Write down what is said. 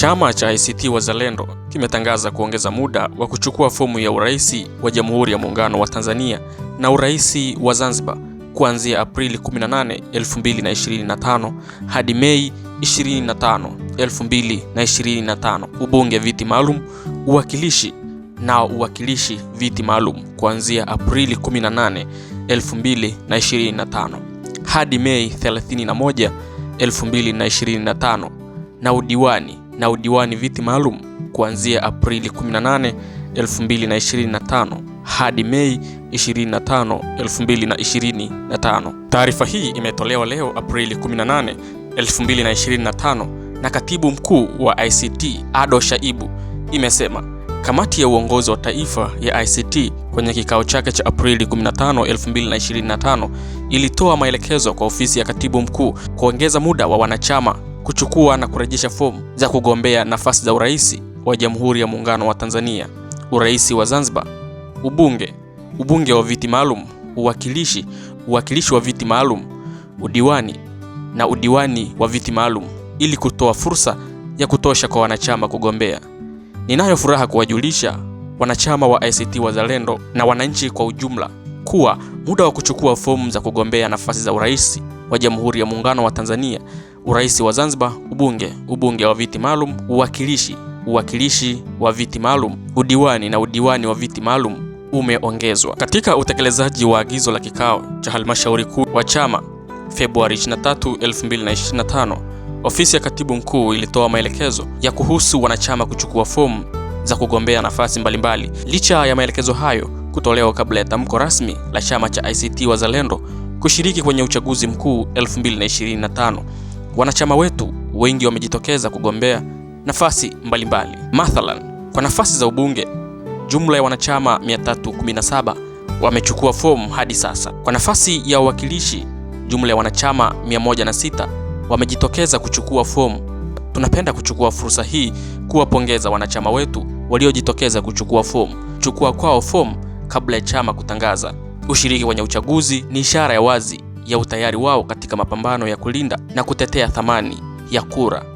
Chama cha ACT Wazalendo kimetangaza kuongeza muda wa kuchukua fomu ya uraisi wa Jamhuri ya Muungano wa Tanzania na uraisi wa Zanzibar kuanzia Aprili 18, 2025 hadi Mei 25, 2025. Ubunge viti maalum, uwakilishi na uwakilishi viti maalum kuanzia Aprili 18, 2025 hadi Mei 31, 2025 na udiwani na udiwani viti maalum kuanzia Aprili 18, 2025 hadi Mei 25, 2025. Taarifa hii imetolewa leo Aprili 18, 2025 na Katibu Mkuu wa ICT Ado Shaibu imesema kamati ya uongozi wa taifa ya ICT kwenye kikao chake cha Aprili 15, 2025 ilitoa maelekezo kwa ofisi ya Katibu Mkuu kuongeza muda wa wanachama kuchukua na kurejesha fomu za kugombea nafasi za urais wa Jamhuri ya Muungano wa Tanzania, urais wa Zanzibar, ubunge, ubunge wa viti maalum, uwakilishi, uwakilishi wa viti maalum, udiwani na udiwani wa viti maalum ili kutoa fursa ya kutosha kwa wanachama kugombea. Ninayo furaha kuwajulisha wanachama wa ACT Wazalendo na wananchi kwa ujumla kuwa muda wa kuchukua fomu za kugombea nafasi za urais wa Jamhuri ya Muungano wa Tanzania, urais wa Zanzibar, ubunge, ubunge wa viti maalum, uwakilishi, uwakilishi wa viti maalum, udiwani na udiwani wa viti maalum umeongezwa. Katika utekelezaji wa agizo la kikao cha halmashauri kuu wa chama Februari 23, 2025, ofisi ya katibu mkuu ilitoa maelekezo ya kuhusu wanachama kuchukua fomu za kugombea nafasi mbalimbali. Licha ya maelekezo hayo, kutolewa kabla ya tamko rasmi la chama cha ACT Wazalendo kushiriki kwenye uchaguzi mkuu 2025. Wanachama wetu wengi wamejitokeza kugombea nafasi mbalimbali. Mathalan, kwa nafasi za ubunge, jumla ya wanachama 317 wamechukua fomu hadi sasa. Kwa nafasi ya uwakilishi, jumla ya wanachama 106 wamejitokeza kuchukua fomu. Tunapenda kuchukua fursa hii kuwapongeza wanachama wetu waliojitokeza kuchukua fomu. Chukua kwao fomu kabla ya chama kutangaza ushiriki kwenye uchaguzi ni ishara ya wazi ya utayari wao katika mapambano ya kulinda na kutetea thamani ya kura.